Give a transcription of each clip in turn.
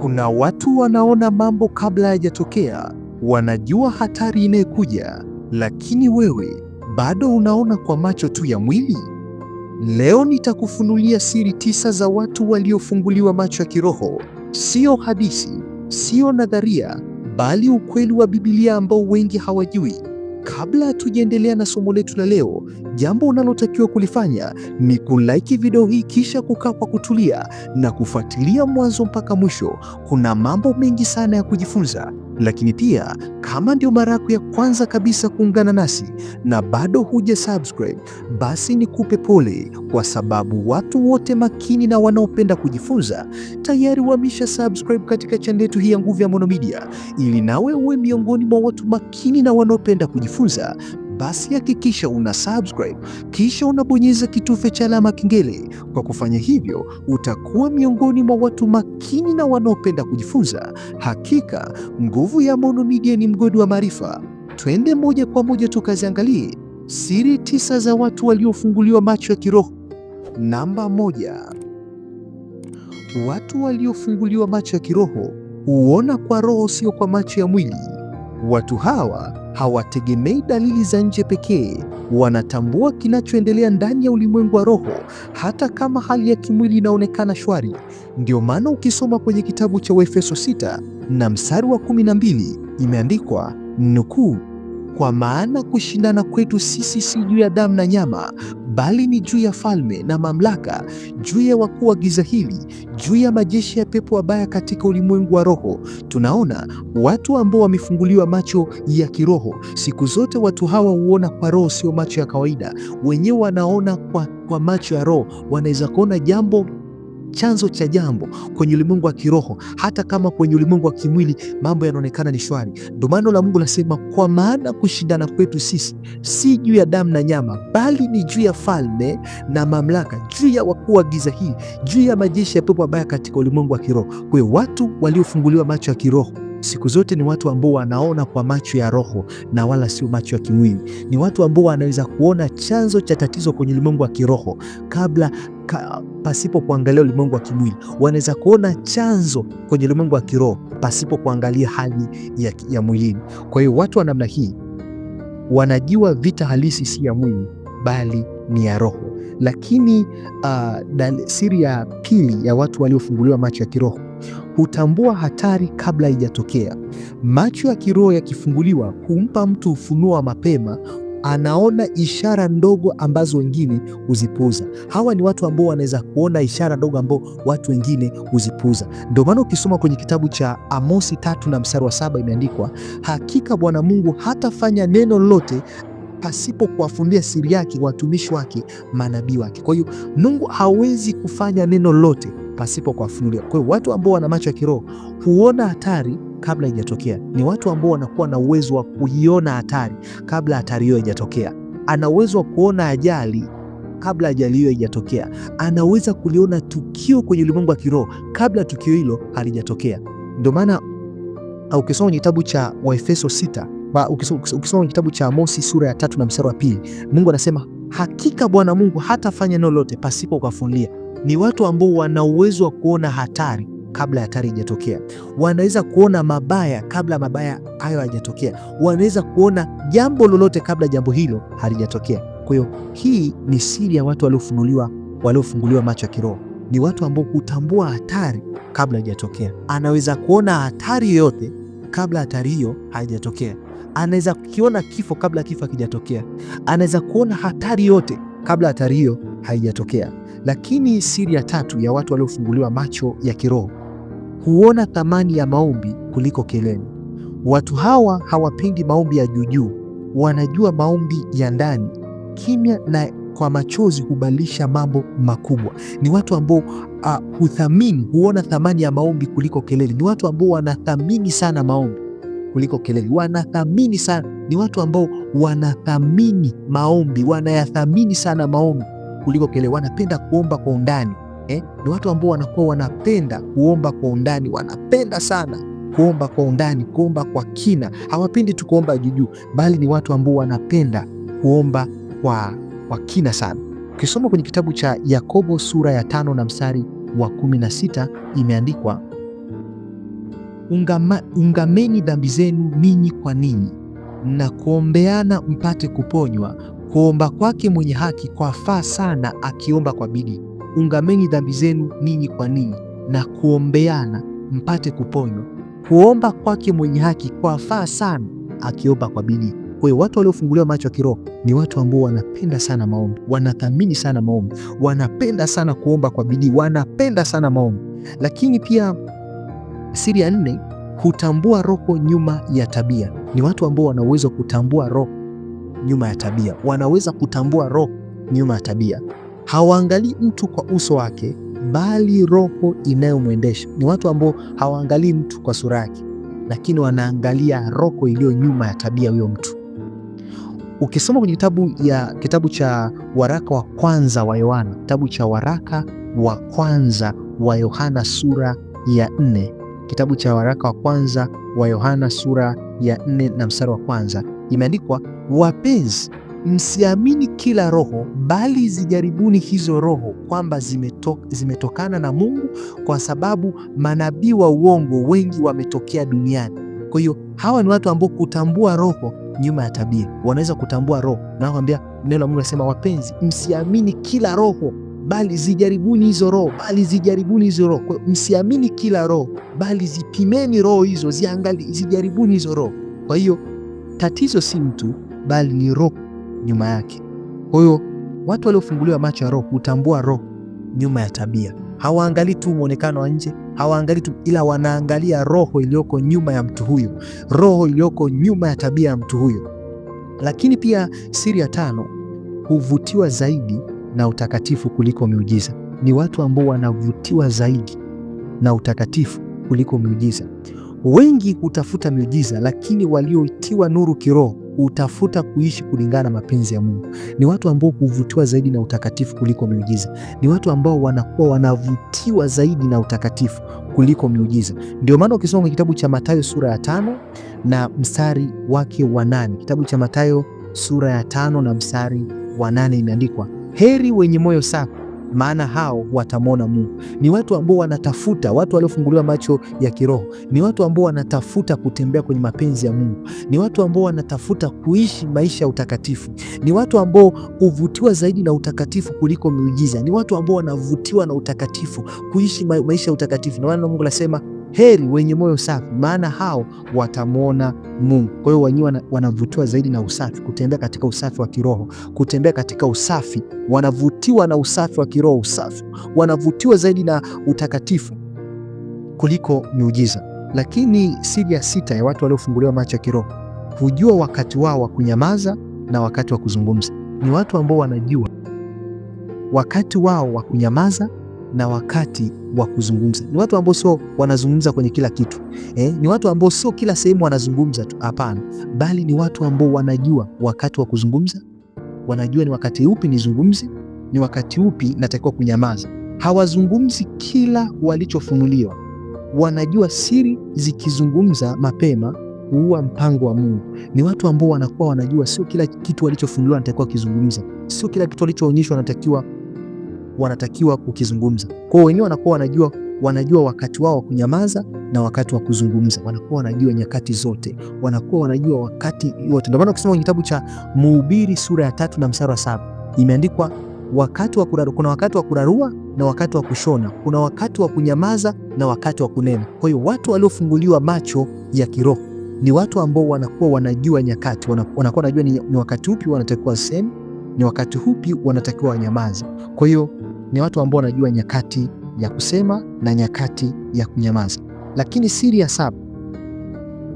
Kuna watu wanaona mambo kabla hayajatokea, wanajua hatari inayokuja, lakini wewe bado unaona kwa macho tu ya mwili. Leo nitakufunulia siri tisa za watu waliofunguliwa macho ya kiroho. Sio hadithi, sio nadharia, bali ukweli wa Biblia ambao wengi hawajui. Kabla tujaendelea na somo letu la leo, jambo unalotakiwa kulifanya ni kulaiki video hii kisha kukaa kwa kutulia na kufuatilia mwanzo mpaka mwisho. Kuna mambo mengi sana ya kujifunza lakini pia kama ndio mara yako ya kwanza kabisa kuungana nasi na bado huja subscribe, basi nikupe pole, kwa sababu watu wote makini na wanaopenda kujifunza tayari wamesha subscribe katika chaneli yetu hii ya Nguvu ya Maono Media, ili nawe uwe miongoni mwa watu makini na wanaopenda kujifunza basi hakikisha una subscribe kisha unabonyeza kitufe cha alama kengele. Kwa kufanya hivyo, utakuwa miongoni mwa watu makini na wanaopenda kujifunza. Hakika nguvu ya Maono Media ni mgodi wa maarifa. Twende moja kwa moja tukaziangalie siri tisa za watu waliofunguliwa macho ya kiroho. Namba moja, watu waliofunguliwa macho ya kiroho huona kwa roho, sio kwa macho ya mwili. Watu hawa hawategemei dalili za nje pekee, wanatambua kinachoendelea ndani ya ulimwengu wa roho, hata kama hali ya kimwili inaonekana shwari. Ndio maana ukisoma kwenye kitabu cha Waefeso 6 na mstari wa 12 imeandikwa nukuu, kwa maana kushindana kwetu sisi si juu ya damu na nyama, bali ni juu ya falme na mamlaka, juu ya wakuu wa giza hili, juu ya majeshi ya pepo wabaya katika ulimwengu wa roho. Tunaona watu ambao wamefunguliwa macho ya kiroho. Siku zote watu hawa huona kwa roho, sio macho ya kawaida. Wenyewe wanaona kwa, kwa macho ya roho, wanaweza kuona jambo chanzo cha jambo kwenye ulimwengu wa kiroho, hata kama kwenye ulimwengu wa kimwili mambo yanaonekana ni shwari. Ndio maana la Mungu nasema, kwa maana kushindana kwetu sisi si juu ya damu na nyama, bali ni juu ya falme na mamlaka, juu ya wakuu wa giza hii, juu ya majeshi ya pepo mabaya katika ulimwengu wa kiroho. Kwa hiyo watu waliofunguliwa macho ya kiroho Siku zote ni watu ambao wanaona kwa macho ya roho na wala sio macho ya kimwili. Ni watu ambao wanaweza kuona chanzo cha tatizo kwenye ulimwengu wa kiroho kabla ka, pasipo kuangalia ulimwengu wa kimwili. Wanaweza kuona chanzo kwenye ulimwengu wa kiroho pasipo kuangalia hali ya, ya mwilini. Kwa hiyo watu wa namna hii wanajua vita halisi si ya mwili bali ni ya roho. Lakini uh, siri ya pili ya watu waliofunguliwa macho ya kiroho hutambua hatari kabla haijatokea. Macho ya kiroho yakifunguliwa humpa mtu ufunuo wa mapema anaona ishara ndogo ambazo wengine huzipuuza. Hawa ni watu ambao wanaweza kuona ishara ndogo ambao watu wengine huzipuuza. Ndio maana ukisoma kwenye kitabu cha Amosi tatu na mstari wa saba imeandikwa, hakika Bwana Mungu hatafanya neno lolote pasipo kuwafunulia siri yake watumishi wake manabii wake. Kwa hiyo Mungu hawezi kufanya neno lote pasipo kuwafunulia. Kwa hiyo watu ambao wana macho ya kiroho huona hatari kabla haijatokea, ni watu ambao wanakuwa na uwezo wa kuiona hatari kabla hatari hiyo haijatokea. Ana uwezo wa kuona ajali kabla ajali hiyo haijatokea. Anaweza kuliona tukio kwenye ulimwengu wa kiroho kabla tukio hilo halijatokea. Ndio maana ukisoma kitabu cha Waefeso 6 Ukisoma kitabu cha Amosi sura ya tatu na mstari wa pili, Mungu anasema hakika Bwana Mungu hatafanya neno lolote pasipo kuwafunulia. Ni watu ambao wana uwezo wa kuona hatari kabla hatari ijatokea, wanaweza kuona mabaya kabla mabaya hayo hayajatokea, wanaweza kuona jambo lolote kabla jambo hilo halijatokea. Kwa hiyo hii ni siri ya watu waliofunuliwa, waliofunguliwa macho ya kiroho. Ni watu ambao hutambua hatari kabla haijatokea, anaweza kuona hatari yoyote kabla hatari hiyo haijatokea anaweza kukiona kifo kabla kifo hakijatokea, anaweza kuona hatari yote kabla hatari hiyo haijatokea. Lakini siri ya tatu ya watu waliofunguliwa macho ya kiroho huona thamani ya maombi kuliko kelele. Watu hawa hawapendi maombi ya juujuu, wanajua maombi ya ndani, kimya na kwa machozi hubadilisha mambo makubwa. Ni watu ambao uh, huthamini, huona thamani ya maombi kuliko kelele. Ni watu ambao wanathamini sana maombi kuliko kelele. Wanathamini sana, ni watu ambao wanathamini maombi, wanayathamini sana maombi kuliko kelele. Wanapenda kuomba kwa undani eh? Ni watu ambao wanakuwa wanapenda kuomba kwa undani, wanapenda sana kuomba kwa undani, kuomba kwa kina. Hawapendi tu kuomba juujuu, bali ni watu ambao wanapenda kuomba kwa, kwa kina sana. Ukisoma kwenye kitabu cha Yakobo sura ya tano na mstari wa 16 imeandikwa Ungama, ungameni dhambi zenu ninyi kwa ninyi na kuombeana mpate kuponywa. Kuomba kwake mwenye haki kwafaa sana akiomba kwa bidii. Ungameni dhambi zenu ninyi kwa ninyi na kuombeana mpate kuponywa. Kuomba kwake mwenye haki kwa faa sana akiomba kwa bidii. Kwa hiyo watu waliofunguliwa macho ya kiroho ni watu ambao wanapenda sana maombi, wanathamini sana maombi, wanapenda sana kuomba kwa bidii, wanapenda sana maombi, lakini pia Siri ya nne, hutambua roho nyuma ya tabia. Ni watu ambao wana uwezo wa kutambua roho nyuma ya tabia, wanaweza kutambua roho nyuma ya tabia. Hawaangalii mtu kwa uso wake, bali roho inayomwendesha. Ni watu ambao hawaangalii mtu kwa sura yake, lakini wanaangalia roho iliyo nyuma ya tabia huyo mtu. Ukisoma kwenye kitabu ya kitabu cha waraka wa kwanza wa Yohana, kitabu cha waraka wa kwanza wa Yohana sura ya nne kitabu cha waraka wa kwanza wa Yohana sura ya 4 na mstari wa kwanza imeandikwa, wapenzi, msiamini kila roho, bali zijaribuni hizo roho kwamba zimeto, zimetokana na Mungu, kwa sababu manabii wa uongo wengi wametokea duniani. Kwa hiyo hawa ni watu ambao kutambua roho nyuma ya tabia, wanaweza kutambua roho na kuambia, neno la Mungu nasema, wapenzi, msiamini kila roho bali zijaribuni hizo roho, bali zijaribuni hizo roho. Msiamini kila roho, bali zipimeni roho hizo, ziangali, zijaribuni hizo roho. Kwa hiyo tatizo si mtu, bali ni roho nyuma yake. Kwa hiyo watu waliofunguliwa macho ya roho hutambua roho nyuma ya tabia. Hawaangalii tu mwonekano wa nje, hawaangalii tu, ila wanaangalia roho iliyoko nyuma ya mtu huyo, roho iliyoko nyuma ya tabia ya mtu huyo. Lakini pia siri ya tano, huvutiwa zaidi na utakatifu kuliko miujiza. Ni watu ambao wanavutiwa zaidi na utakatifu kuliko miujiza. Wengi hutafuta miujiza, lakini walioitiwa nuru kiroho hutafuta kuishi kulingana na mapenzi ya Mungu. Ni watu ambao huvutiwa zaidi na utakatifu kuliko miujiza. Ni watu ambao wanakuwa wanavutiwa zaidi na utakatifu kuliko miujiza. Ndio maana ukisoma kwenye kitabu cha Mathayo sura ya tano na mstari wake wa nane, kitabu cha Mathayo sura ya tano na mstari wa nane imeandikwa, Heri wenye moyo safi, maana hao watamwona Mungu. Ni watu ambao wanatafuta, watu waliofunguliwa macho ya kiroho, ni watu ambao wanatafuta kutembea kwenye mapenzi ya Mungu, ni watu ambao wanatafuta kuishi maisha ya utakatifu, ni watu ambao huvutiwa zaidi na utakatifu kuliko miujiza, ni watu ambao wanavutiwa na utakatifu, kuishi maisha ya utakatifu. Na maana Mungu anasema heri wenye moyo safi, maana hao watamwona Mungu. Kwa hiyo wenyewe wanavutiwa zaidi na usafi, kutembea katika usafi wa kiroho, kutembea katika usafi, wanavutiwa na usafi wa kiroho, usafi, wanavutiwa zaidi na utakatifu kuliko miujiza. Lakini siri ya sita ya watu waliofunguliwa macho ya kiroho hujua wakati wao wa kunyamaza na wakati wa kuzungumza. Ni watu ambao wanajua wakati wao wa kunyamaza na wakati wa kuzungumza. Ni watu ambao sio wanazungumza kwenye kila kitu eh, ni watu ambao sio kila sehemu wanazungumza tu, hapana, bali ni watu ambao wanajua wakati wa kuzungumza, wanajua ni wakati upi nizungumze, ni wakati upi natakiwa kunyamaza. Hawazungumzi kila walichofunuliwa, wanajua siri zikizungumza mapema huwa mpango wa Mungu. Ni watu ambao wanakuwa wanajua sio kila kitu walichofunuliwa natakiwa kizungumza, sio kila kitu walichoonyeshwa natakiwa wanatakiwa kukizungumza. Kwa hiyo wenyewe wanakuwa wanajua, wanajua wakati wao wa kunyamaza na wakati wa kuzungumza, wanakuwa wanajua nyakati zote, wanakuwa wanajua wakati wote. Ndio maana ukisoma kwenye kitabu cha Mhubiri sura ya tatu na mstari wa saba imeandikwa wakati wa kurarua, kuna wakati wa kurarua na wakati wa kushona, kuna wakati wa kunyamaza na wakati wa kunena. Kwa hiyo watu waliofunguliwa macho ya kiroho ni watu ambao wanakuwa wanajua nyakati, wanakuwa wanajua ni, wakati upi wanatakiwa waseme, ni wakati upi wanatakiwa wanyamaze. Kwa hiyo ni watu ambao wanajua nyakati ya kusema na nyakati ya kunyamaza. Lakini siri ya saba,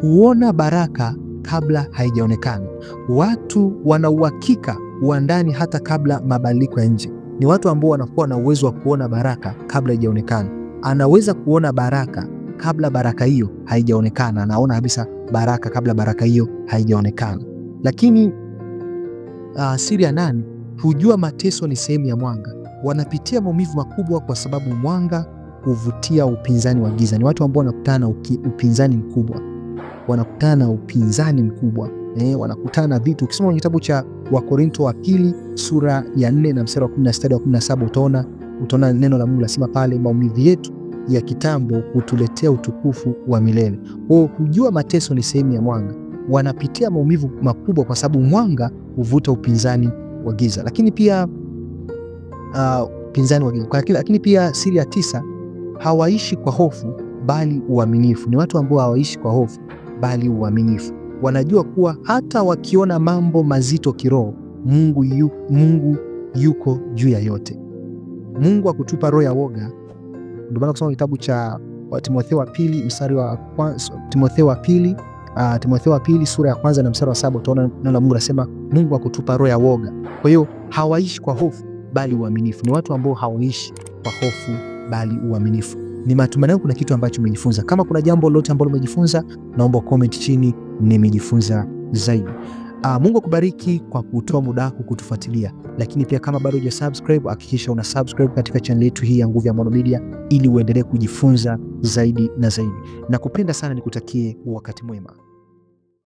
huona baraka kabla haijaonekana. Watu wana uhakika wa ndani hata kabla mabadiliko ya nje. Ni watu ambao wanakuwa na uwezo wa kuona baraka kabla haijaonekana. Anaweza kuona baraka kabla baraka hiyo haijaonekana, anaona kabisa baraka kabla baraka hiyo haijaonekana. Lakini uh, siri ya nane, hujua mateso ni sehemu ya mwanga wanapitia maumivu makubwa kwa sababu mwanga huvutia upinzani wa giza. Ni watu ambao wanakutana na upinzani mkubwa, wanakutana na upinzani mkubwa eh, wanakutana na vitu. Ukisoma kwenye kitabu cha Wakorinto wa pili sura ya 4 na mstari wa 16 hadi 17 utaona utaona neno la Mungu lasema pale, maumivu yetu ya kitambo hutuletea utukufu wa milele. Kwa kujua mateso ni sehemu ya mwanga, wanapitia maumivu makubwa kwa sababu mwanga huvuta upinzani wa giza, lakini pia upinzani uh, wa demokrati, lakini pia siri ya tisa, hawaishi kwa hofu bali uaminifu. Ni watu ambao hawaishi kwa hofu bali uaminifu. Wanajua kuwa hata wakiona mambo mazito kiroho, Mungu, yu, Mungu yuko juu ya yote. Mungu akutupa roho ya woga. Ndio maana kusoma kitabu cha Timotheo wa pili mstari wa Timotheo wa pili uh, Timotheo wa pili sura ya kwanza na mstari wa saba utaona neno la Mungu nasema Mungu akutupa roho ya woga. Kwa hiyo hawaishi kwa hofu bali uaminifu. Ni watu ambao hawaishi kwa hofu bali uaminifu. Ni matumaini yangu kuna kitu ambacho umejifunza. Kama kuna jambo lolote ambalo umejifunza, naomba comment chini, nimejifunza zaidi. Aa, ah, Mungu akubariki kwa kutoa muda wako kutufuatilia, lakini pia kama bado hujasubscribe, hakikisha una subscribe katika channel yetu hii ya Nguvu ya Maono Media ili uendelee kujifunza zaidi na zaidi. Nakupenda sana, nikutakie wakati mwema.